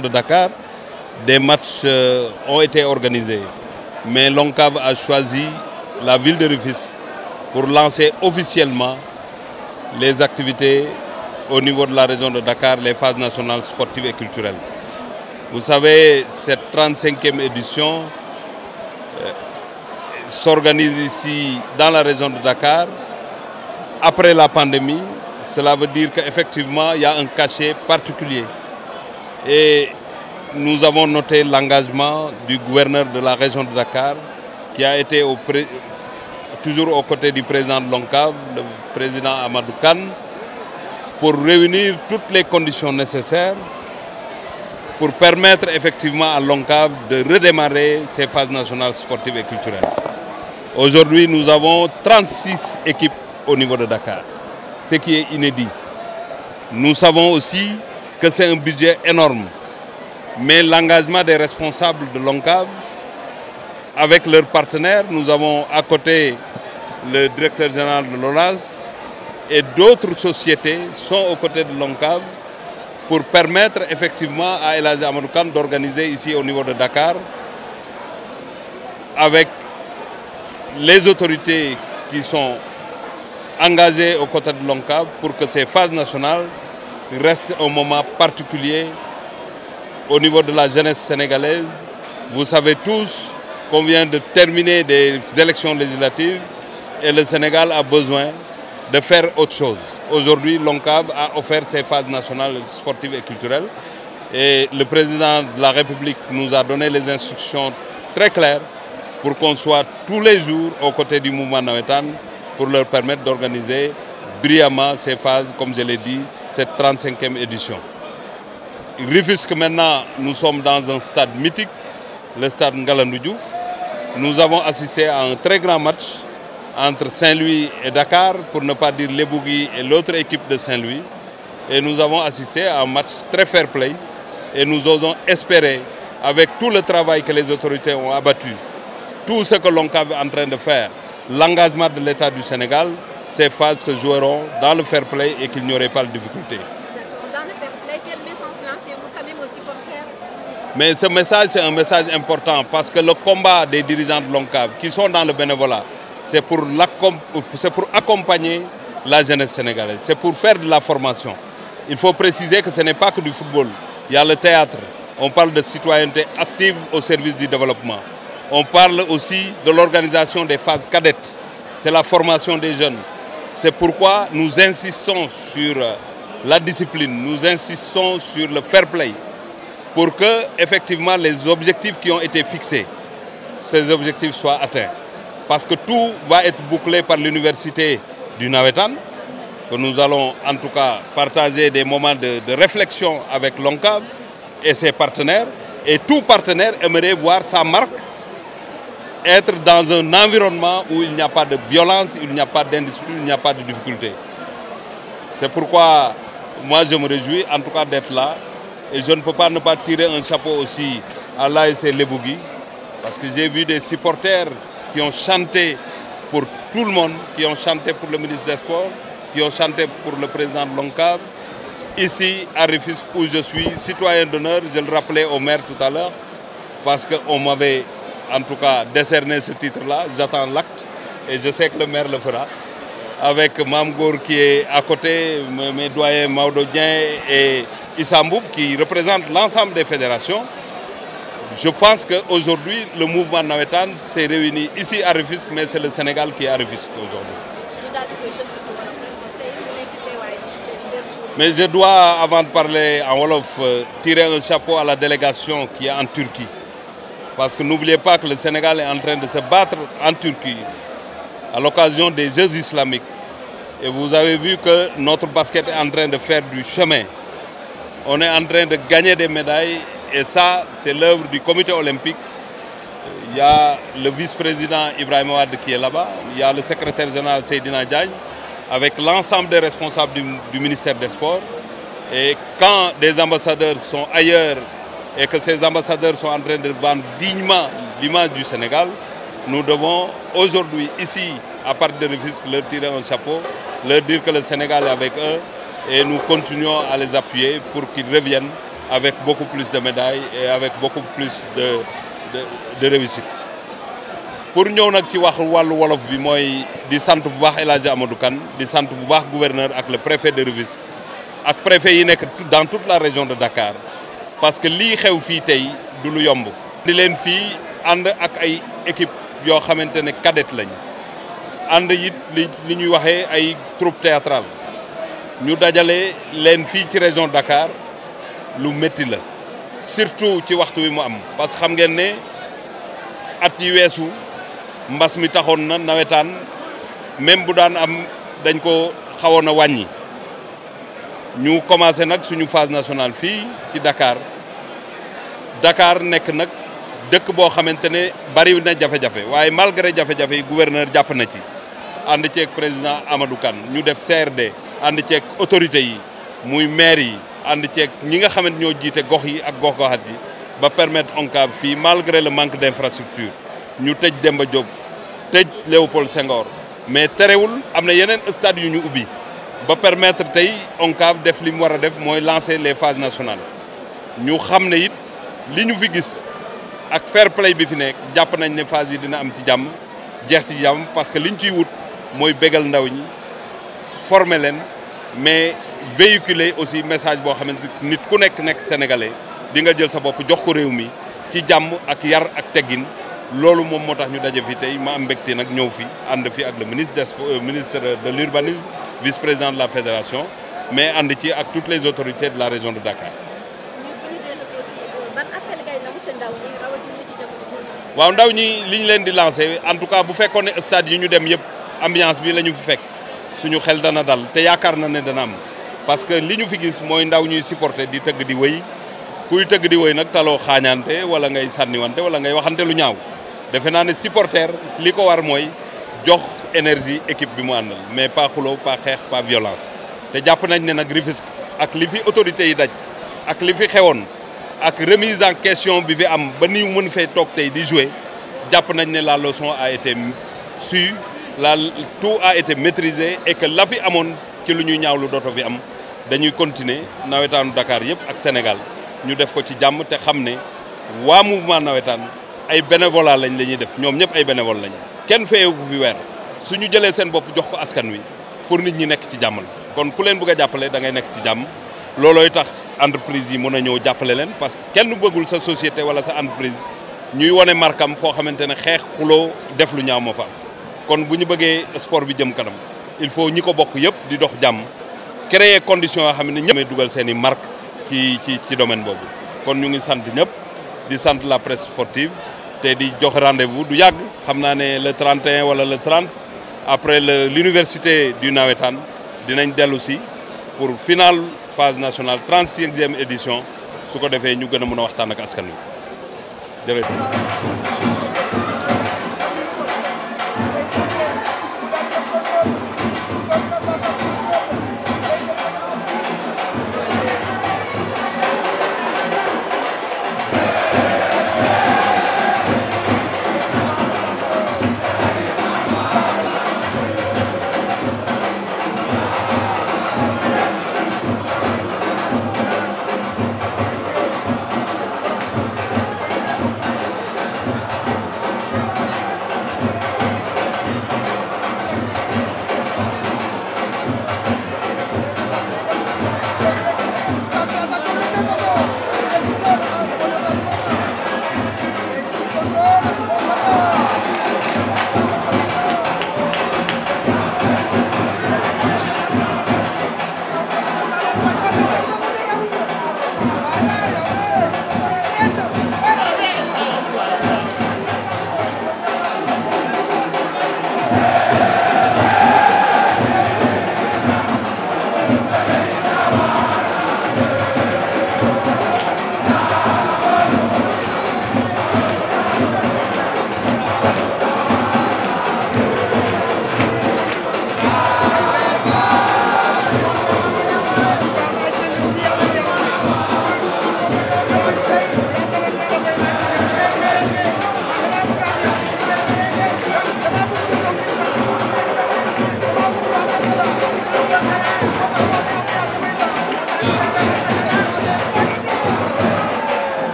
de Dakar, des matchs euh, ont été organisés. Mais l'ONCAV a choisi la ville de Rufis pour lancer officiellement les activités au niveau de la région de Dakar, les phases nationales sportives et culturelles. Vous savez, cette 35e édition euh, s'organise dans la région de Dakar après la pandémie. Cela veut dire qu'effectivement, il y un cachet Et nous avons noté de la région de Dakar, qui a été toujours aux côtés du président de président Amadou Khan, pour réunir toutes les conditions nécessaires pour permettre effectivement à l'ONCAV de redémarrer ses phases nationales sportives et culturelles. Aujourd'hui, nous avons 36 équipes au niveau de Dakar, que c'est un budget énorme. Mais l'engagement des responsables de l'ONCAV, avec leurs partenaires, nous avons à côté le directeur général de l'ONAS et d'autres sociétés sont aux côtés de l'ONCAV pour permettre effectivement à El Amadoukan d'organiser ici au niveau de Dakar avec les autorités qui sont engagées aux côtés de l'ONCAV pour que ces phases nationales reste un moment particulier au niveau de la jeunesse sénégalaise. Vous savez tous qu'on vient de terminer des élections législatives et le Sénégal a besoin de faire autre chose. Aujourd'hui, l'ONCAB a offert ses phases nationales sportives et culturelles et le président de la République nous a donné les instructions très claires pour qu'on soit tous les jours aux côtés du mouvement Nawetan pour leur permettre d'organiser brillamment ces phases, comme je l'ai dit, cette 35e édition. Rufisque maintenant, nous sommes dans un stade mythique, le stade Ngalandou Diouf. Nous avons assisté à un très grand match entre Saint-Louis et Dakar, pour ne pas dire Lebougui et l'autre équipe de Saint-Louis. Et nous avons assisté à un match très fair-play et nous osons espérer, avec tout le travail que les autorités ont abattu, tout ce que l'on est en train de faire, l'engagement de l'État du Sénégal, ces phases se joueront dans le fair play et qu'il n'y aurait pas de difficultés. le fair play, quel message lancez-vous quand Mais ce message, c'est un message important parce que le combat des dirigeants de l'ONCAV qui sont dans le bénévolat, c'est pour, pour accompagner la jeunesse sénégalaise, c'est pour faire de la formation. Il faut préciser que ce n'est pas que du football, il y a le théâtre. On parle de citoyenneté active au service du développement. On parle aussi de l'organisation des phases cadettes. C'est la formation des jeunes. C'est pourquoi nous insistons sur euh, la discipline, nous insistons sur le fair play pour que effectivement les objectifs qui ont été fixés, ces objectifs soient atteints. Parce que tout va être bouclé par l'université du Navetan, que nous allons en tout cas partager des moments de, de réflexion avec l'ONCAV et ses partenaires. Et tout partenaire aimerait voir sa être dans un environnement où il n'y a pas de violence, il n'y a pas d'indiscipline, il n'y a pas de difficulté. C'est pourquoi je me réjouis en tout cas d'être là et je ne peux pas ne pas tirer un chapeau aussi à l'ASC Lebougui parce que j'ai vu des supporters qui ont chanté pour tout le monde, qui ont chanté pour le ministre des Sports, qui ont chanté pour le président de l'ONCAV. Ici, à Rifis, où je suis citoyen d'honneur, je le rappelais au maire tout à l'heure, parce qu'on m'avait en tout cas décerner ce titre-là. J'attends l'acte et je sais que le maire le fera. Avec Mamgour qui est à côté, mes doyens Maudodien et Issamboub qui représentent l'ensemble des fédérations. Je pense qu'aujourd'hui, le mouvement Nawetan s'est réuni ici à Rufisque, mais c'est le Sénégal qui est à Rufisque aujourd'hui. Mais je dois, avant de parler en Wolof, euh, tirer un chapeau à la délégation qui est en Turquie. Parce que n'oubliez pas que le Sénégal est en train de se battre en Turquie à l'occasion des Jeux islamiques. Et vous avez vu que notre basket est en train de faire du chemin. On est en train de gagner des médailles et ça, c'est l'œuvre du comité olympique. Il y a le vice-président Ibrahim Ouad qui est là-bas, a le secrétaire général Seydina Diagne, avec l'ensemble des responsables du, du ministère des Sports. Et quand des ambassadeurs sont ailleurs et que ces ambassadeurs sont en train de vendre dignement l'image du Sénégal, nous devons aujourd'hui, ici, à partir de Rufisque, leur tirer un chapeau, leur dire que le Sénégal est avec eux et nous continuons à les appuyer pour qu'ils reviennent avec beaucoup plus de médailles et avec beaucoup plus de, réussite. pour ñëw nag ci wax wàllu wolof bi mooy di sant bu baax El Hadj Amadou Kane di sant bu baax gouverneur ak le préfet de Rufisque ak préfet yi nekk dans toute la région de Dakar parce que lii xew fii tey du lu yomb. di leen fii ànd ak ay équipe yoo xamante ne cadette lañ ànd it li li ñuy waxee ay troupe théâtrale ñu dajale leen fii ci région Dakar lu métti la surtout ci waxtu wi mu am parce que xam ngeen ne at yi weesu mbas mi taxoon na nawetaan même bu daan am dañ ko xawoon a wàññi. ñu commencé nag suñu phase nationale fii ci dakaar dakaar nekk nag dëkk boo xamante ne bariwu na jafe-jafe waaye malgré jafe-jafe yi gouverneur jàpp na ci ànd ceeg président Amadou Kane ñu def CRD ànd ceeg autorité yi muy maire yi ànd ceeg ñi nga xamante ñoo jiite gox yi ak gox goxaat yi ba permettre ONCAV fii malgré le manque d'infrastructure ñu tëj Demba Diop tëj Léopold sengoor mais terewul am na yeneen stade yu ñu ubbi ba permettre tey ONCAV def li mu war a def mooy lancer les phases nationale ñu xam ne it li ñu fi gis ak fair play bi fi nekk jàpp nañ ne phase yi dina am ci jàmm jeex ci jàmm parce que li liñ ciy wut mooy bégal ndaw ñi former leen mais véhiculer aussi message boo xamante nit ku nekk nekk sénégalais di nga jël sa bopp jox ko réew mi ci jàmm ak yar ak teggin loolu moom moo tax ñu daje fi tey ma am mbégte nag ñëw fi ànd fi ak la ministre des euh, ministre de l'urbanisme vice-président de la fédération mais ànd ci ak toutes les autorités de la région de Dakar. waaw ndaw ñi li ñu leen di lancé en tout cas bu fekkoon ne stade yi ñu dem yëpp ambiance bi la ñu fi fekk suñu xel dana dal te yaakaar na ne dana am parce que li ñu fi gis mooy ndaw ñuy supporter di tëgg di wëy kuy tëgg di wëy nag taloo xaañante wala ngay sànniwante wala ngay waxante lu ñaaw defe naa ne supporter li ko war mooy jox. énergie équipe bi mu àndal mais pas xuloo pas xeex pas violence te jàpp nañ ne nag Rufisque ak li fi autorités yi daj ak li fi xewoon ak remise en question bi fi am ba ni mën fee toog tey di jouer jàpp nañ ne la leçon a été sue la tout a été maîtrisé et que amoon ci lu ñuy ñaawlu dooto fi am dañuy continuer nawetaanu Dakar yëpp ak Sénégal ñu def ko ci jàmm te xam ne waa mouvement nawetaan ay bénévolat lañ la ñuy def ñoom ñëpp ay bénévole lañ kenn fayeeku fi weer su ñu jëlee seen bopp jox ko askan wi pour nit ñi nekk ci jàmm kon ku leen bëgg a jàppale dangay ngay nekk ci jàmm loolooy tax entreprise yi mun a ñëw jàppale leen parce que kenn bëggul sa société wala sa entreprise ñuy wane markam foo xamante ne xeex xuloo def lu ñaaw moo fa kon bu ñu bëggee sport bi jëm kanam il faut ñi ko bokk yëpp di dox jàmm créer condition yoo xam ne ñëpp dugal seen i marque ci ci ci domaine boobu kon ñu ngi sant ñëpp di sant la presse sportive te di jox rendez-vous du yàgg xam naa ne le 31 wala le 30 après l'université du Nawetan dinañ dellu si pour finale phase national 36e édition su ko defee ñu gën a mën a waxtaan ak askan wi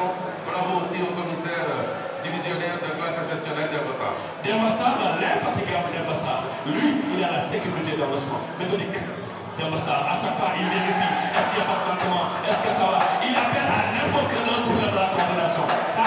salon. Bravo aussi au commissaire divisionnaire de classe exceptionnelle d'Herbassar. D'Herbassar, l'infatigable d'Herbassar, lui, il a la sécurité dans le sang. Méthodique d'Herbassar, à sa part, il vérifie. que ça Il appelle à n'importe quel autre pour faire